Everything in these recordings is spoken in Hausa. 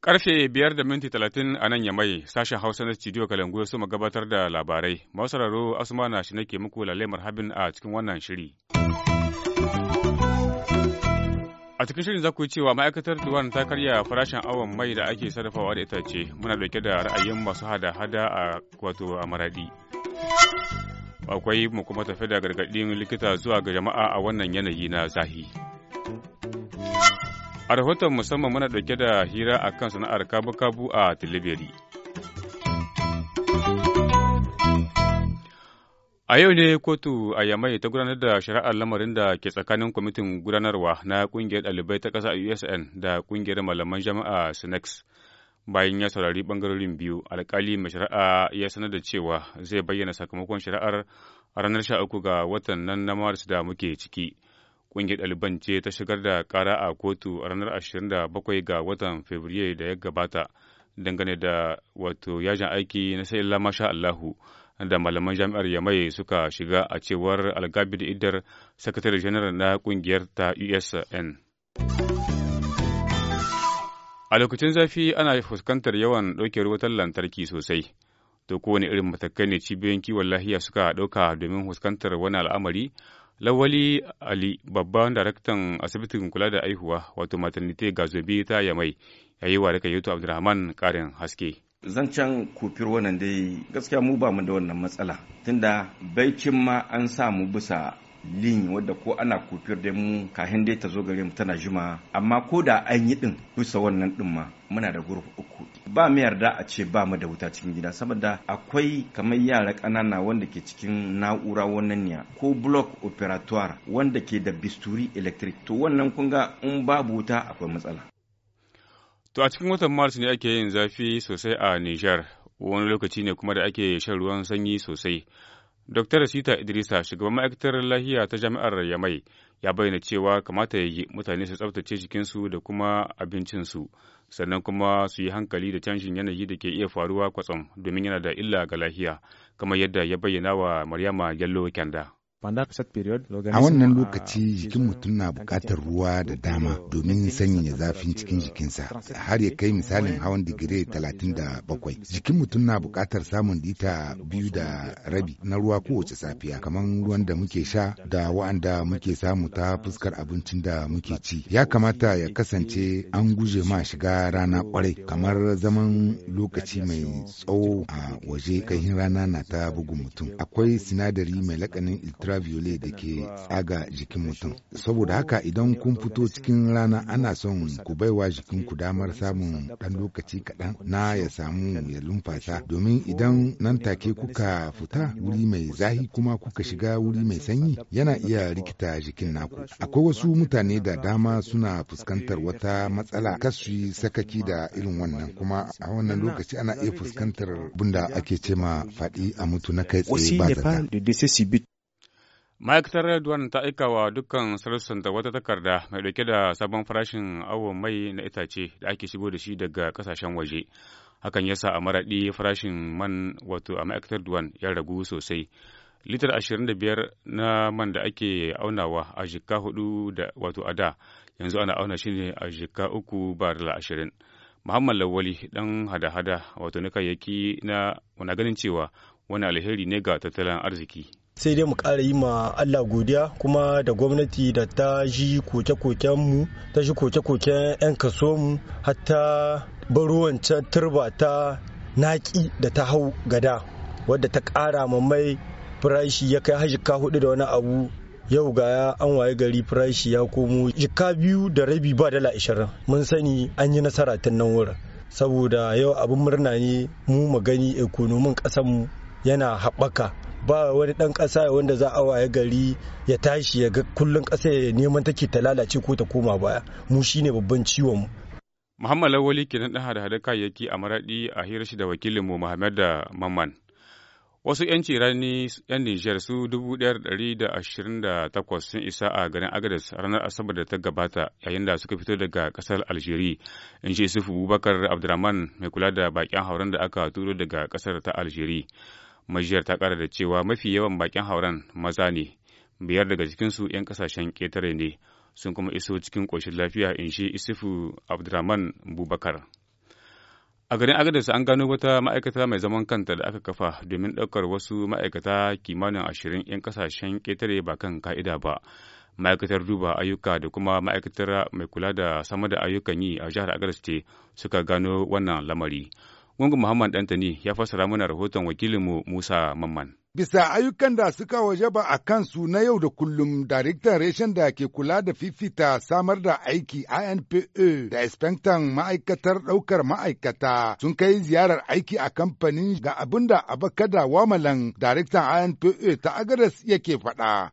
Karfe biyar da minti talatin a nan Yamai, sashen Hausa na studio Kalangu su gabatar da labarai. Masu sauraro Asuma na shi nake muku lalle habin a cikin wannan shiri. A cikin shirin za ku yi cewa ma'aikatar Duwan ta karya farashin awon mai da ake sarrafawa da ita ce, muna dauke da ra'ayin masu hada-hada a wato a maradi. Akwai mu kuma tafi da gargaɗin likita zuwa ga jama'a a wannan yanayi na zahi. A rahoton musamman muna dauke da hira akan sana'ar kabu-kabu a Tilibiri. A yau ne kotu a Yamai ta gudanar da shari'ar lamarin da ke tsakanin kwamitin gudanarwa na kungiyar ɗalibai ta ƙasa USN da kungiyar malaman jama'a SNEX. Bayan ya saurari bangarorin biyu, alkali mai shari'a ya sanar da cewa zai bayyana sakamakon shari'ar ranar sha uku ga watan nan na Maris da muke ciki. Kungiyar ɗaliban ce ta shigar da kara a kotu a ranar ashirin da bakwai ga watan Fabrairu da ya gabata dangane da wato yajin aiki na sai sha Allahu. da malaman jami'ar Yamai suka shiga a cewar Algabid Idar, sakatare janar na kungiyar ta USN. A lokacin zafi ana fuskantar yawan ɗauke wutar lantarki sosai. To kowane irin matakai ne cibiyoyin kiwon lahiya suka ɗauka domin fuskantar wani al'amari. Lawali Ali, babban daraktan asibitin kula da aihuwa, wato maternity gazobi ta Yamai, yayi wa da Abdulrahman karin haske. zancen kofir wannan dai gaskiya mu ba mu da wannan matsala tunda baikin ma an samu bisa lin wadda ko ana kofir da mu kahin dai ta zo gare mu tana jima amma ko da an yi din bisa wannan din ma muna da guruf uku ba mu yarda a ce ba mu da wuta cikin gida saboda akwai kamar yara ƙanana wanda ke cikin na'ura wannan niya ko block operator wanda ke da bisturi electric to wannan kunga in babu wuta akwai matsala To a cikin watan Maris ne ake yin zafi sosai a Nijar, wani lokaci ne kuma da ake shan ruwan sanyi sosai. Dr. Sita Idrisa, shugaban ma'aikatar lahiya ta jami'ar Yamai, ya bayyana cewa kamata ya yi mutane su tsaftace jikinsu da kuma abincinsu, sannan kuma su yi hankali da canjin yanayi da ke iya faruwa kwatsam domin yana da illa ga lahiya, kamar yadda ya bayyana wa Maryama Yallo Kenda. A wannan lokaci jikin mutum na bukatar ruwa da dama domin sanyaya zafin cikin jikinsa har ya kai misalin hawan digire 37. Jikin mutum na bukatar samun lita biyu da rabi na ruwa kowace safiya kamar ruwan da muke sha da wa'anda muke samu ta fuskar abincin da muke ci. Ya kamata ya kasance an guje ma shiga rana kwarai kamar zaman lokaci mai tsawo a waje kai rana na ta bugun mutum. Akwai sinadari mai lakanin ultraviolet da ke tsaga jikin mutum saboda oh, haka idan kun fito cikin rana ana son ku baiwa jikin ku damar samun ɗan lokaci kaɗan na ya samu ya lumfasa domin idan nan take kuka fita wuri mai zahi kuma kuka shiga wuri mai sanyi yana iya rikita jikin naku akwai wasu mutane da dama suna fuskantar wata matsala kasu sakaki da irin wannan kuma a wannan lokaci ana iya fuskantar bunda ake cema faɗi a mutu na kai tsaye ba zata ma'aikatar duwan ta aika wa dukkan sarassan da wata takarda mai dauke da sabon farashin awon mai na itace da ake shigo da shi daga kasashen waje hakan ya sa a maraɗi farashin man wato a ma'aikatar duwan ya ragu sosai litar ashirin da biyar na man da ake aunawa a jika hudu da wato a da yanzu ana auna shi ne a jika uku da ashirin muhammad lawali dan hada-hada wato na kayayyaki na ganin cewa wani alheri ne ga tattalin arziki sai dai mu ƙara yi ma Allah godiya kuma da gwamnati da ta ji koke-koken mu ta ji koke-koken 'yan kaso mu hatta baro wancan turba ta naƙi da ta hau gada wadda ta ƙara ma mai firashi ya kai har hudu da wani abu yau ga an waye gari firashi ya komo jika biyu da rabi ba dala ashirin mun sani an yi nasara tun nan wurin saboda yau abin murna ne mu mu gani ekonomin ƙasarmu yana haɓaka ba wani dan ƙasa wanda za a waye gari ya tashi ya ga kullun kasa ya neman take ta lalace ko ta koma baya mu shine babban ciwon mu Muhammad Lawali kenan dan hada hada kayayyaki a maradi a hirar shi da mu Muhammad da Mamman wasu 'yanci rani 'yan Nijar su 1,128 sun isa a garin Agadez ranar Asabar da ta gabata yayin da suka fito daga kasar Algeria. In ji yusuf Bubakar Abdurrahman mai kula da bakin hauren da aka turo daga kasar ta Algeria. majiyar ta kara da cewa mafi yawan bakin hauren maza ne biyar daga cikinsu 'yan kasashen ƙetare ne sun kuma iso cikin ƙoshin lafiya in shi isufu abdurrahman bubakar a garin agadarsa an gano wata ma'aikata mai zaman kanta da aka kafa domin ɗaukar wasu ma'aikata kimanin ashirin 'yan kasashen ƙetare ba kan ka'ida ba ma'aikatar duba ayyuka da kuma ma'aikatar mai kula da sama da ayyukan yi a jihar agadas ce suka gano wannan lamari Gungun Muhammad Dantani ya fassara mana rahoton wakilinmu Musa Mamman. bisa ayyukan da suka wajaba a kansu na yau da kullum daraktan reshen da ke kula da fifita samar da aiki INPA da inspectan ma'aikatar ɗaukar ma'aikata sun kai ziyarar aiki a kamfanin ga abin da abakada wamalan daraktan INPA ta agadas yake faɗa.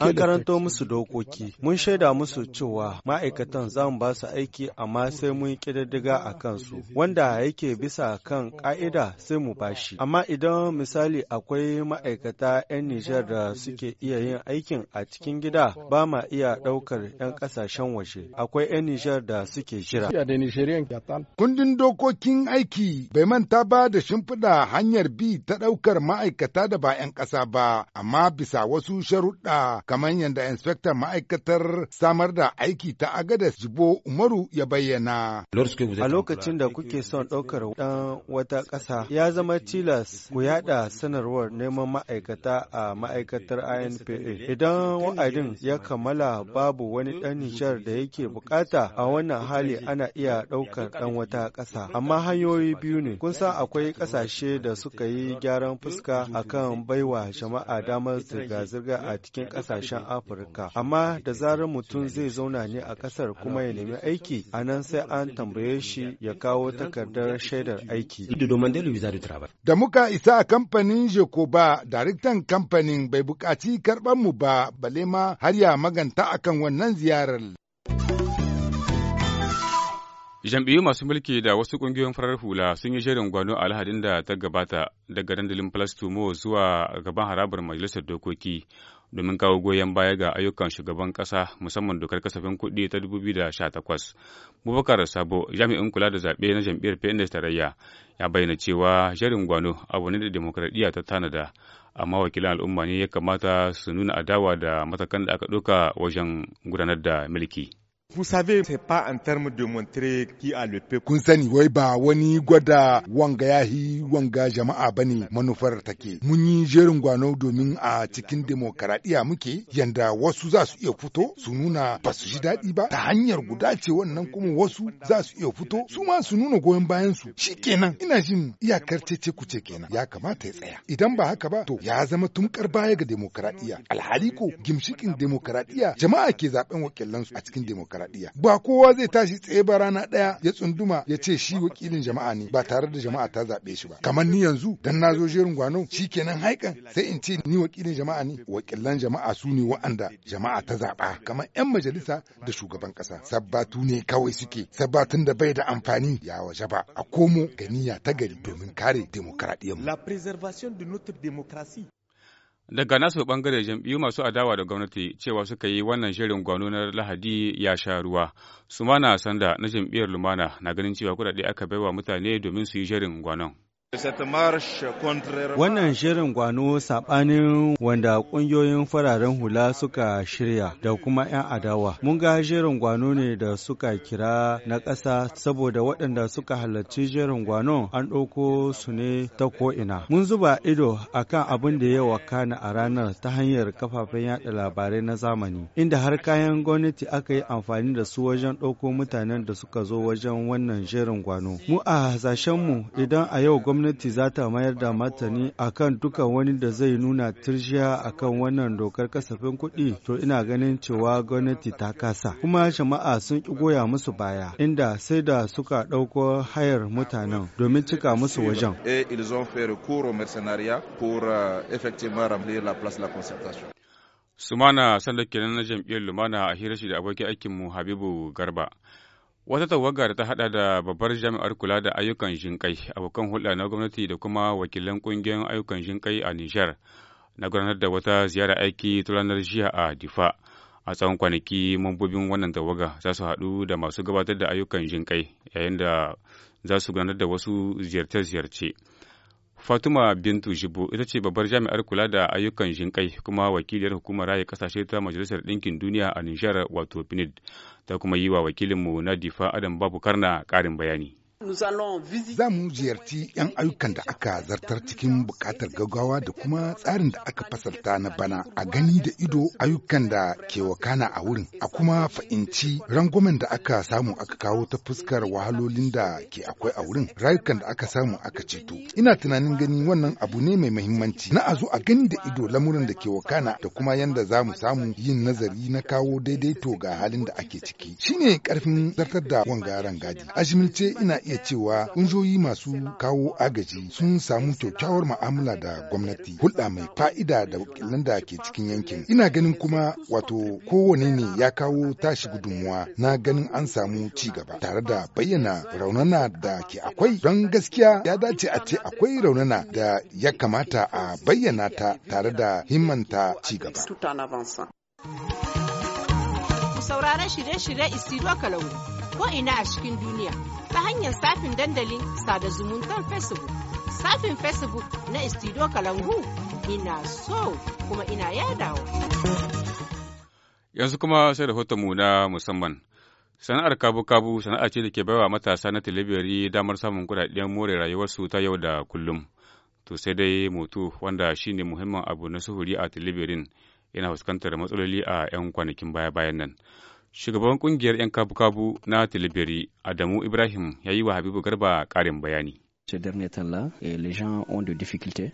An karanto musu dokoki, mun shaida musu cewa ma'aikatan za mu ba su aiki amma sai mun kididdiga a kansu, wanda yake bisa kan ƙa'ida sai mu bashi. Amma idan misali akwai akwai ma'aikata 'yan Nijar da suke iya yin aikin a cikin gida ba ma iya ɗaukar 'yan ƙasashen waje. Akwai 'yan Nijar da suke jira. Kundin dokokin aiki bai manta ba da shimfiɗa hanyar bi ta ɗaukar ma'aikata da ba 'yan ƙasa ba, amma bisa wasu sharuɗa kamar yadda inspektan ma'aikatar samar da aiki ta Agadas Jibo Umaru ya bayyana. A lokacin da kuke son ɗaukar ɗan wata ƙasa ya zama tilas ku yaɗa sanarwar neman ma'aikata a ma'aikatar INPA. Idan wa'adin ya kammala babu wani ɗan Nijar da yake bukata a wannan hali ana iya ɗaukar ɗan wata ƙasa. Amma hanyoyi biyu ne, kun san akwai ƙasashe da suka yi gyaran fuska akan baiwa jama'a damar zirga-zirga a cikin ƙasashen Afirka. Amma da zarar mutum zai zauna ne a ƙasar kuma ya nemi aiki, a nan sai an tambaye shi ya kawo takardar shaidar aiki. Da muka isa a kamfanin jeko. ba daraktan kamfanin bai bukaci karɓar mu ba bale ma har ya maganta akan wannan ziyarar. Jam'iyyu masu mulki da wasu ƙungiyoyin farar hula sun yi shirin gwano a alhadin da ta gabata daga dandalin Plastumo zuwa gaban harabar Majalisar Dokoki. domin kawo goyon baya ga ayyukan shugaban kasa musamman dokar kasafin kuɗi ta 2018. Bubakar Sabo jami'in kula da zaɓe na jam'iyyar PNS tarayya ya bayyana cewa shirin gwano abu ne da demokradiyya ta tanada amma wakilan al'umma ne ya kamata su nuna adawa da matakan da aka ɗauka wajen gudanar da mulki. Vous savez, c'est pas en termes de montrer qui a le peuple. Kun sani wai ba wani gwada wanga yahi wanga jama'a bane manufar take. Mun yi jerin gwano domin a cikin demokaradiyya muke yanda wasu za su iya fito su nuna ba su ji daɗi ba ta hanyar guda ce wannan kuma wasu za su iya fito su ma su nuna goyon bayan su. Shikenan ina jin iyakar cece kenan ya kamata ya tsaya. Idan ba haka ba to ya zama tumkar baya ga demokaradiyya. Alhali ko gimshikin demokaradiyya jama'a ke zaben wakilansu a cikin demokaradiyya. demokaradiyya ba kowa zai tashi tsaye ba rana ɗaya ya tsunduma ya ce shi wakilin jama'a ne ba tare da jama'a ta zaɓe shi ba kamar ni yanzu dan na zo jerin gwano kenan haikan sai in ce ni wakilin jama'a ne wakilan jama'a su ne wa'anda jama'a ta zaɓa kamar 'yan majalisa da shugaban ƙasa sabbatu ne kawai suke sabbatun da bai da amfani ya waje ba a komo ga niyya ta gari domin kare demokaradiyyar la préservation de notre démocratie Daga nasu bangare jam'iyyu masu adawa da gwamnati cewa suka yi wannan shirin gwano na Lahadi ya sha ruwa. Sumana Sanda na jam'iyyar Lumana na ganin cewa kudade aka baiwa mutane domin su yi shirin gwanon. Wannan shirin gwano saɓanin wanda ƙungiyoyin fararen hula suka shirya da kuma 'yan adawa. Mun ga shirin gwano ne da suka kira na ƙasa saboda waɗanda suka halarci shirin gwano an ɗauko su ne ta ko'ina. Mun zuba ido a kan abin da ya wakana a ranar ta hanyar kafafen yaɗa labarai na zamani, inda har kayan gwamnati aka yi amfani da su wajen ɗauko mutanen da suka zo wajen wannan shirin gwano. Mu a hasashenmu idan a yau gwamnati gwamnati za ta mayar da martani akan dukkan wani da zai nuna tirjiya akan wannan dokar kasafin kuɗi to ina ganin cewa gwamnati ta kasa kuma jama'a sun ki goya musu baya inda sai da suka ɗauko hayar mutanen domin cika musu wajen. Euh, Sumana Sallake na jam'iyyar Lumana a shi da abokin aikinmu Habibu Garba. Wata tawaga da ta haɗa da babbar jami'ar kula da ayyukan jinƙai, abokan hulɗa na gwamnati da kuma wakilan ƙungiyar ayyukan jinƙai a Nijar na gudanar da wata ziyara aiki ta ranar jiya a Difa. A tsawon kwanaki mambobin wannan tawaga za su haɗu da masu gabatar da ayyukan jinƙai yayin da za su gudanar da wasu ziyarce-ziyarce. fatima Bintu Jibo ita ce babbar jami'ar kula da ayyukan jinƙai kuma wakiliyar hukumar raya kasashe ta Majalisar Ɗinkin Duniya a Nijar wato PNID ta kuma yi wa wakilinmu na Difa Adam Babu Karna ƙarin bayani. Za mu ziyarci 'yan ayyukan da aka zartar cikin bukatar gaggawa da kuma tsarin da aka fasalta na bana a gani da ido ayyukan da ke wakana a wurin a kuma fa'inci rangwamen da aka samu aka kawo ta fuskar wahalolin da ke akwai a wurin rayukan da aka samu aka ceto. Ina tunanin gani wannan abu ne mai mahimmanci na a zo a gani da ido lamurin da ke wakana da kuma yanda za mu samu yin nazari na kawo daidaito ga halin da ake ciki. Shine karfin zartar da wanga rangadi. A ina iya cewa ƙungiyoyi masu kawo agaji sun samu kyakkyawar mu'amala da gwamnati hulɗa mai fa'ida da wakilan da ke cikin yankin ina ganin kuma wato kowane ne ya kawo tashi gudunmuwa na ganin an samu ci gaba tare da bayyana raunana da ke akwai don gaskiya ya dace a ce akwai raunana da ya kamata a bayyana ta tare da himmanta ci gaba sauraron shirye-shirye isiro kalau ko'ina a cikin duniya ta hanyar safin dandalin sada zumuntar Facebook. Safin Facebook na Istido Kalangu ina so kuma ina yadawa. Yanzu kuma sai mu na musamman. Sana'ar kabu-kabu sana'a ce da ke baiwa matasa na Tilibiri damar samun kudaden more rayuwarsu ta yau da kullum. To sai dai mutu wanda shine ne muhimmin abu na suhuri a talibirin yana fuskantar matsaloli a 'yan kwanakin baya-bayan nan. Shugaban kungiyar 'yan kabu-kabu na Tilibiri Adamu Ibrahim ya yi wa Habibu Garba ƙarin bayani. ce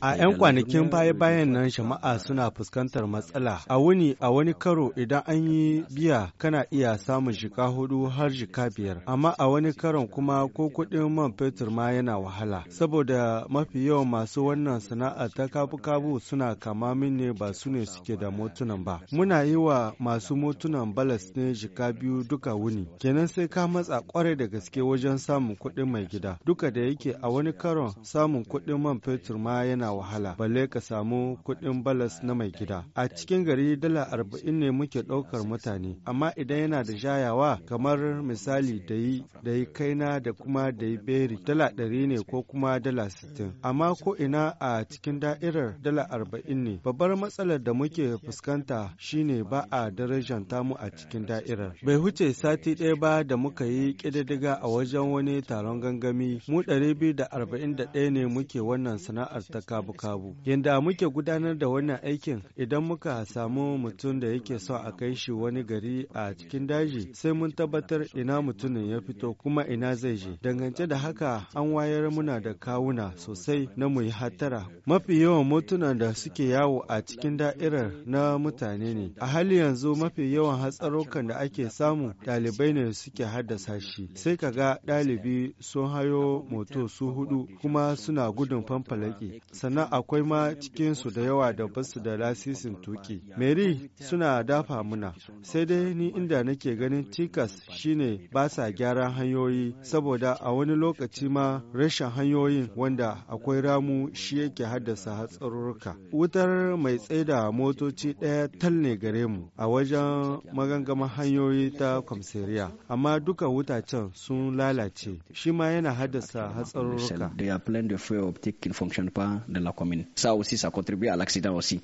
A 'yan kwanakin baya-bayan nan jama'a suna fuskantar matsala. A wuni a wani karo idan an yi biya kana iya samun jika hudu har jika biyar. Amma a wani karon kuma ko kuɗin man fetur ma yana wahala. Saboda mafi yawan masu wannan sana'a ta kabu-kabu suna kama min ne ba su ne suke da motunan ba. Muna yi wa masu motunan balas ne jika biyu duka wuni. Kenan sai ka matsa kwarai da gaske wajen samun kuɗin mai gida. Duka da yake a wani wani karon samun kuɗin man fetur ma yana wahala balle ka samu kuɗin balas na mai gida a cikin gari dala arba'in ne muke ɗaukar mutane amma idan yana da jayawa kamar misali da yi da yi kaina da kuma da yi beri dala ɗari ne ko kuma dala sittin amma ko ina a cikin da'irar dala arba'in ne babbar matsalar da muke fuskanta shine ba a darajanta mu a cikin da'irar bai huce sati ɗaya ba da muka yi ƙididdiga a wajen wani taron gangami mu ɗari biyu da 41 ne muke wannan sana'ar ta kabu-kabu. Yanda muke gudanar da wannan aikin idan muka samu mutum da yake son a kai shi wani gari a cikin daji sai mun tabbatar ina mutumin ya fito kuma ina zai je. Dangance da haka an wayar muna da kawuna sosai na muyi hatara. Mafi yawan motunan da suke yawo a cikin da'irar na mutane ne. A hali yanzu mafi yawan hatsarokan da ake samu ɗalibai ne suke haddasa shi. Sai ka ga ɗalibi sun hayo moto su hudu kuma suna gudun fanfalaki sannan akwai ma cikinsu da yawa da basu da lasisin tuki meri suna dafa muna sai dai ni inda nake ganin tikas shine ba sa gyaran hanyoyi saboda a wani lokaci ma rashin hanyoyin wanda akwai ramu shi yake haddasa hatsarurruka wutar mai tsaida motoci ɗaya tal ne gare mu a wajen magangamar hanyoyi ta kwamseriya amma duka wutacen sun lalace shi ma yana haddasa hatsarurruka Il y a plein de feux optiques qui ne fonctionnent pas dans la commune. Ça aussi, ça contribue à l'accident aussi.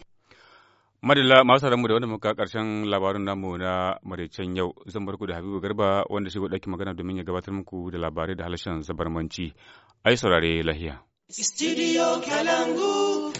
Madalla masu mu da wani muka karshen labarin namu na maraicen yau zan barku da Habibu Garba wanda shi ɗauki magana domin ya gabatar muku da labarai da halashen zabarmanci. Ai saurare lahiya. Studio Kalangu.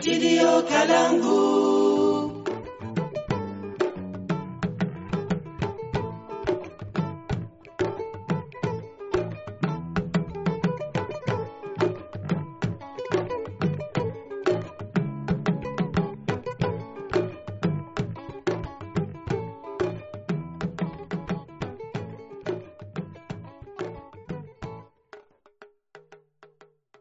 Studio Kalangu.